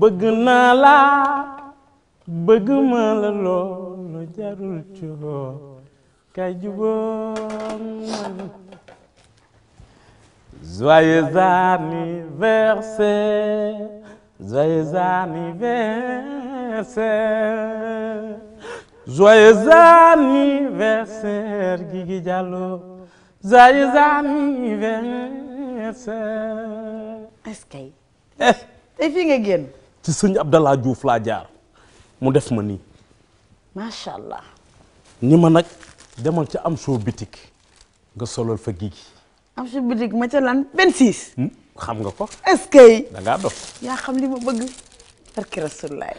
bëgg naa la bëgg ma la loolu jarul coow kay juboon joyeux anniversaire joyeux anniversaire joyeux anniversaire Guigui Diallo joyeux anniversaire. est-ce que. Eh, tey fii nga ci sëñ Abdallah Diouf laa jaar mu def ma nii macha allah ni ma nag demal ci am soo bitik nga solal fa gii am soo bitik ma ca lan 26. Hmm? xam nga ko est-ce que yaa xam li ma bëgg barki rasulaay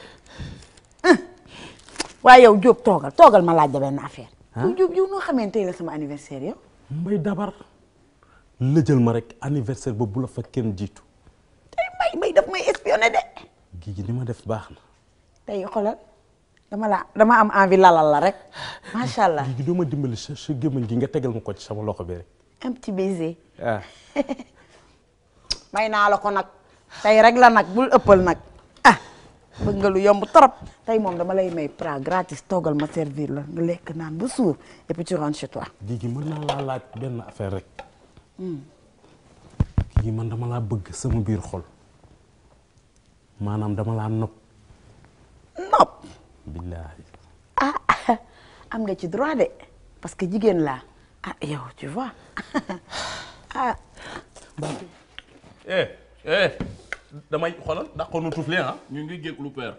waaye yow Diop toogal toogal ma laa da benn affaire yow Diop yow noo xamee tey la sama anniversaire yow mbay hmm? dabar lëjal ma rek anniversaire ba bu la fa kenn jiitu tey mbay mbay daf may espionné de kii gi ma def baax na. tey xoolal dama la dama am envie lalal la rek macha allah. kii doo ma dimbali sa sa gémmañ gi nga tegal ma ko ci sama loxo bi rek. un petit ah. may naa la ko nag tey rek la nag bul ëppal nag ah bëgg nga lu yomb trop tey moom ma lay may pra gratis toggal ma servir la nga lekk naan ba suur et puis tu rentres chez toi. kii gi mën naa laa laaj benn affaire rek. Hmm. kii gi man dama laa bëgg sama biir xol. maanaam dama laa nopp nopp billaahi ah am nga ci droit de parce que jigéen laa ah yow tu vois ah eh, eh, damay xoolal daqoon nu tufle ah ñu ngi jég lu père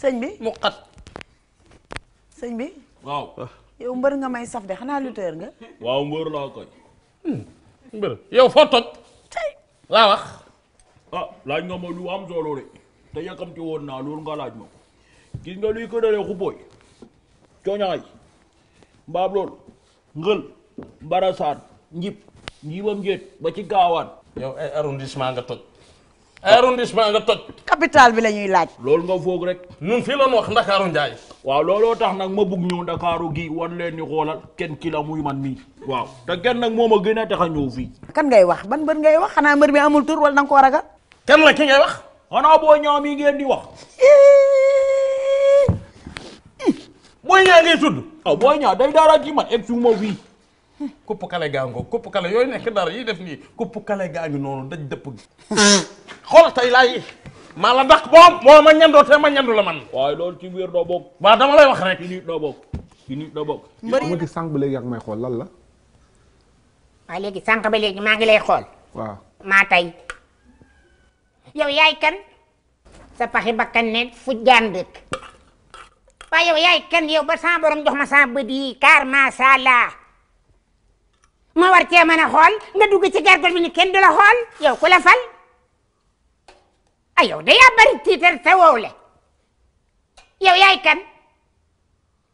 sëñ bi mu xat sëñ bi waaw yow mbër nga may saf de xanaa lutteur nga waaw mbër laa koy hmm, mbër yow foo toj tey laa wax ah laaj nga ma lu am solo de te ti woon naa loolu nga laaj ma ko gis nga luy këralee xubooy coñaay mbaab lool ngël barasaan njib njibam njéet ba ci gaawaan yow ay eh, arrondissement nga toj arrondissement nga toj capital bi la ñuy laaj loolu nga foog rek ñun fii loon wax ndakaaru njaay waaw looloo tax nag ma bugg ñëw ndakaaru gi wan leen ni xoolal kenn ki la muy man mii waaw te kenn nag moom a gën a tax a ñëw fii kan ngay wax ban bër ngay wax xanaa mbër bi amul tur wala da nga ko kan la ki ngay wax. xanaa boo ñaaw mi ngeen di wax. boo ñaaw ngay tudd. waaw oh, boo ñaaw day dara ci man egg suuma wii. kupp kale gaa ngoo kupp kale yooyu nekk dara yi def nii kupp kale gaa ngi noonu daj dëpp gi. xool tey laay maa la dàq boom moo ma ñandoo te ma ñandu la man. waaye loolu ci biir doo bokk. waaw dama lay wax rek. ci nit doo bokk ci nit doo bokk. mbëri ma ci ba léegi la. waaw léegi sànq ba léegi maa ngi lay xool. waaw maa tey. yow yaay kan sa paxi bakkan ne fu jaan dëkk waaye yaay kan yow ba sa borom jox ma sa bët yi kaar macha allah ma war cee mën xool nga dugg ci gargol bi ni kenn du la xool yow ku la fal ay yow da yaa bari tiitar te wow le yow yaay kan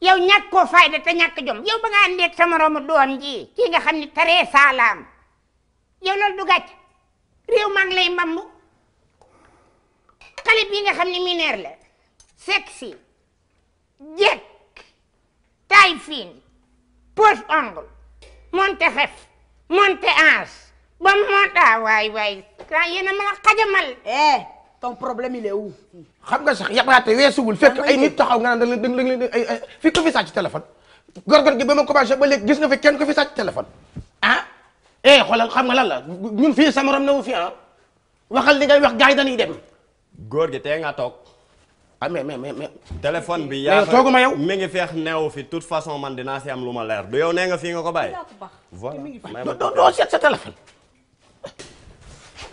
yow ñàkk koo fayda te ñàkk jom yow ba nga àndeeg sa moroomu doom ji kii nga xam ni taree saalaam yow loolu du gàcc réew maa ngi lay xale bi nga xam ne mineur la sexy jekk taille fine pose ongle monte xef monte ange ba monte ah, waay waay kan yéena ma xajamal eh ton problème il est où xam nga sax yabaate weesuwul fekk ay nit taxaw nga naan da nga leen ay fii ko fi sàcc téléphone gorgor gi ba ma commencé ba léegi gis nga fi kenn ko fi sàcc téléphone ah eh xoolal xam nga lan la ñun fii sama rom na wu fi ah waxal li ngay wax gars yi dañuy dem góor gi tee nga toog. ah mais mais mais téléphone bi. yaa tooguma yow mi ngi feex neew fi toute façon man dinaa si am lu ma leer du yow nee nga fii nga ko bàyyi. voilà doo doo doo seet sa téléphone.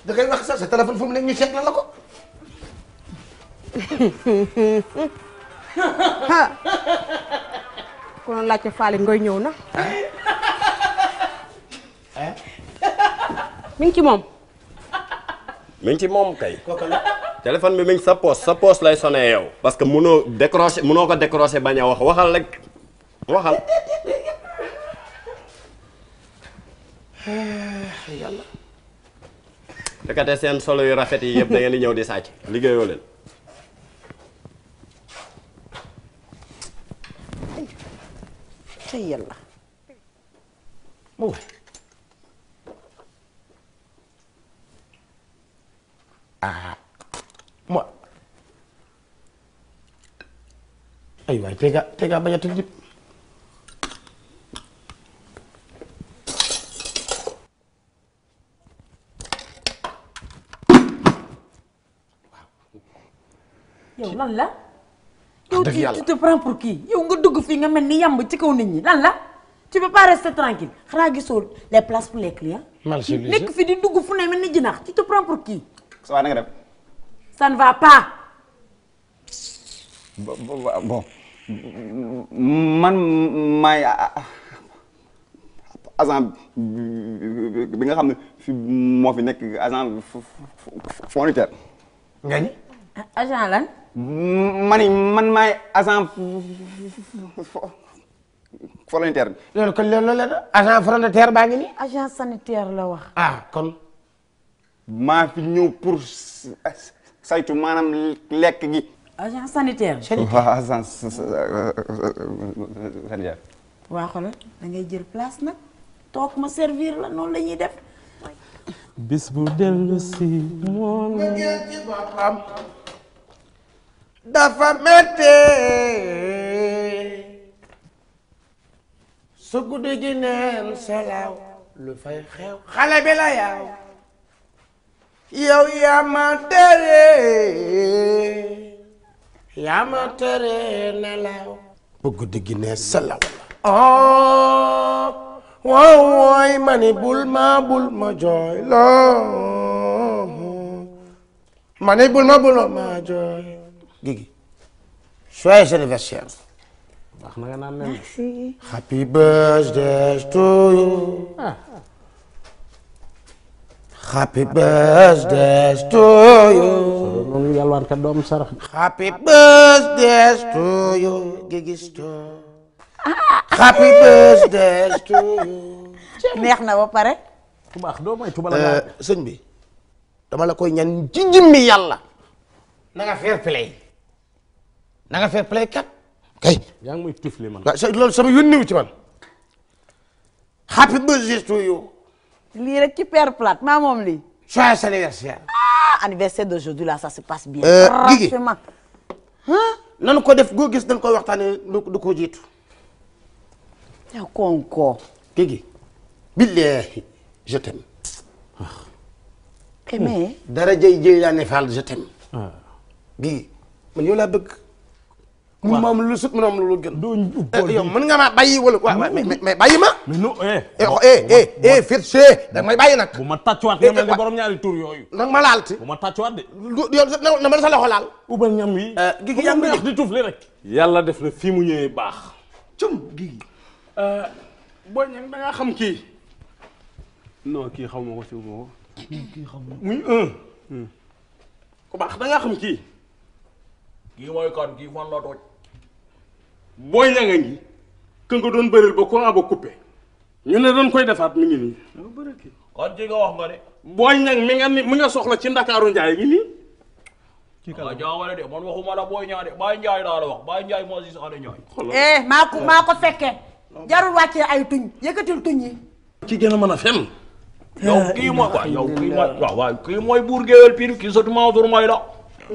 da ngay wax sa sa téléphone fu mu ne ñu seet la la ko. ku doon laajte Faly Ngoy ñëw na. Eh? mi ngi ci moom. mi ngi ci moom kay. téléphone bi mi ngi sa poos sa poos lay sonné yow. parce que mënoo décroché mënoo ko décroché bañ a wax waxal rek waxal. yàlla. seen solo yu rafet yi yëpp da ngeen di ñëw di sàcc liggéeyoo leen. ma ay waay tey nga tey nga bañ a tëdd yow la. yow tu te pour qui yow nga dugg fii nga mel ni yàmb ci kaw nit ñi lan la. tu peux pas rester tranquille xanaa gisoo les places pour les clients. nekk fi di dugg fu ne mel ni jinax tu te prends pour qui. ça va pas. bon man maay ah, agent bi nga xam ne fi moo fi nekk agent fournitaire. nga ni. agent lan. mani man maay agent volontaire bi. loolu kon loolu la agent volontaire baa ngi nii. agent sanitaire la wax. ah kon. maa fi ñëw pour saytu maanaam lekk gi. agent sanitaire. waaw agent euh, euh, sanitaire. waa xoolal da ngay jël place nag toog ma servir la noonu lañuy def. bis bu dellu si moom. dafa méttee su guddi gi neel salaw lu fay xew xale bi la yaaw. yow yaa ma tere yaa ma tere nelaw bu guddi ne salaw oh wooy wooy bul ma bul ma jooy loo bul ma bul ma jooy gigi joyeux anniversaire wax na nga naan Happy birthday to you. moom yalwaan ka doom sarax. Happy birthday to you. Happy birthday to you. neex na ba pare. bu baax doo may tubal la euh, sëñ bi dama la koy ñaan ci jimmi yàlla. na nga fair play. na nga fair play kat. kay yaa ngi muy tifli man. waaw loolu sama yónni wu ci man. Happy birthday to you. lii rek ci père plate maa moom lii. joyeux anniversaire. ah anniversaire d'aujourd'hui la ça se passe bien. Euh, Guigui franchement. nanu ko def goo gis dañ koy waxtaanee du ko jiitu. yaa konkoo. Guigui. billahi je t'aime. mais. Hmm. dara jëy jëy laa ne Fall je t'aime. Ah. bëgg. mu ma am lu sut mu am lu gën. doo eh, yow mën nga maa bàyyi wala waaw mais bàyyi ma. mais non eh. eh eh, eh, eh da may bàyyi nag. bu ma tàccuwaat nga mel ni borom ñaari tur yooyu. nag ma laal te. bu ma tàccuwaat de. yow na ma sa loxo laal. ubal ñam yi. gi gi ñam yi di tuuf li rek. yàlla def na fii mu ñëwee baax. cum gi. booy ñam da ngaa xam kii. non kii xaw ma ko si ma ko. kii xaw ma ko muy un. Hmm. ku baax da ngaa xam kii. kii mooy kon kii fan la toj. booy ñanga ngi que nga doon bëril ba courant ba coupé ñu ne doon koy defaat mi ngi nii. kon ji nga wax nga de. booy ñang mi nga soxla ci dakaaru njaay mi nii. ci kala de man waxuma la booy ñaa de Baye Ndiaye laa la wax Baye Ndiaye moo si soxla ñooy. eh maa ko maa fekke jarul wàccee ay tuñ yëkkatil tuñ yi. ci gën a mën a fen. yow kii mooy waaw yow kii buur géwél piir kii sotti maa la.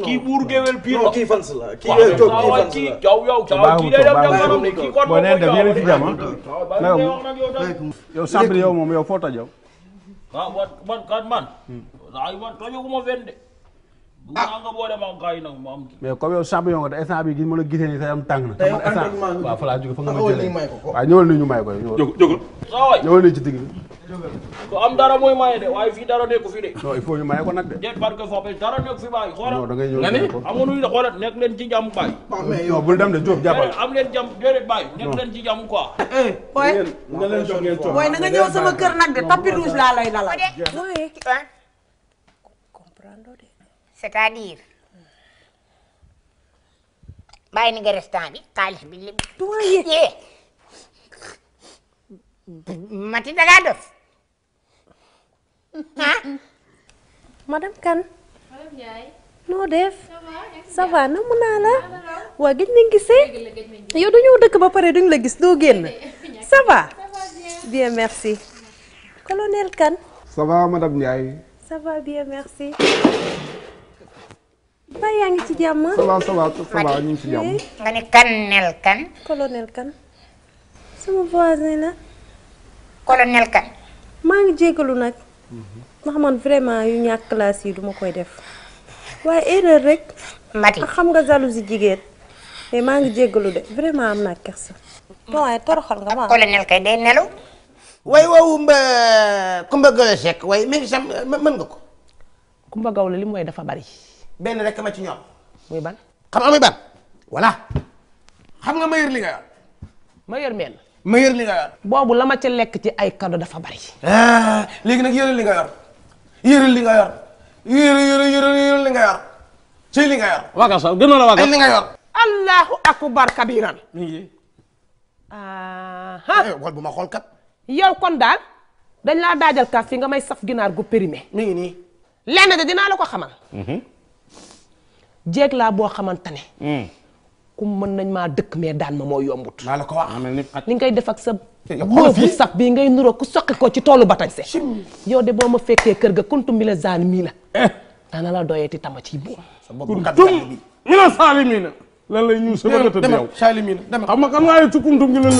kii buur géwél pire la kii fans la kii yooyu toog kii fans la yow yow kii day dem jamono kii kon boo nee def yéen ci jàmm yow Samb yow moom yow foo toj yow ah man kat man ay man tojaguma fenn de ah nga boole ma gars yi nag ma am mais comme yow champion nga te instant bi gis mën a gisee ni sa yam tàng na te man instant waaw fa laa jóge fa nga ma jëlee waaw ñëwal ni ñu may ko ñëwal ni ci digg ku am dara mooy maye de waaye fii dara nekku fi de. non il faut ñu maye ko nag de. déet parce que foofu dara nekku fi bàyyi xoolal. non da ngay ñëw ne ko amuñu de xoolal nekk leen ci jàmm bàyyi. Oh, mais yow bul dem de Diop jàppal am leen jàmm déedéet bàyyi nekk leen ci jàmm quoi. Eh, eh, booy na leen jox ngeen coow booy na nga ñëw sama kër nag de tapis rouge laa lay dalal. Eh, comprendre de c'est-à-dire. bàyyi ni nga restant bi xaalis bi lépp. doyen. mati da ngaa def. ah madame noo def. ça na mu naa la. waa gëj nañ gisee. yow dañoo dëkk ba pare duñ la gis doo génn. ça va. bien merci. colonel Kane. ça va madame Ndiaye. bien merci. ba yaa ngi ci jàmm. ça va ça va ça ngi ci jàmm. nga ne colonel Kane. colonel Kane. maa ngi jégalu nag. ndax man vraiment yu ñàkk classe yi duma koy def waaye erreur rek. mati ah, xam nga jalousie jigéen. mais maa ngi jéggalu de vraiment am naa kersa. non waaye nga ma colonel kay day nelaw. waaye woowu mba Kumba mën nga ko. Kumba li mooy dafa bari. benn rek ma ci ñoom. muy ban. xam nga muy ban. voilà. xam nga ma yor li nga ma yor mel. ma yër li nga yor. boobu la ma ca lekk ci ay kado dafa bari. Ah, léegi nag yëral li nga yor yëral li nga yor yëral li nga yor ci li nga yor. waaw kasa gën la waaw kasa li allahu akbar kabiran. ah. Eh, wal bu ma xool kat. yow kon daal dañ laa daajal kaaf fi nga may saf ginaar gu périmé. mi ngi nii. lenn de dinaa la ko xaman mhm. jéeg laa boo xamante ne. Mm. ku mën nañ maa dëkk mais daan ma moo yombut. maa la ko wax ni ngay def ak sa. xool bu sax bii ngay nuroo ku soqi ko ci toolu batañse. yow de boo ma fekkee kër ga kuntum bi la zaan mii la. Eh. dana la doyeeti tama ci bu. sa bopp kuntum ñu la saalimiina lan lay ñuul sama gëtëm yow.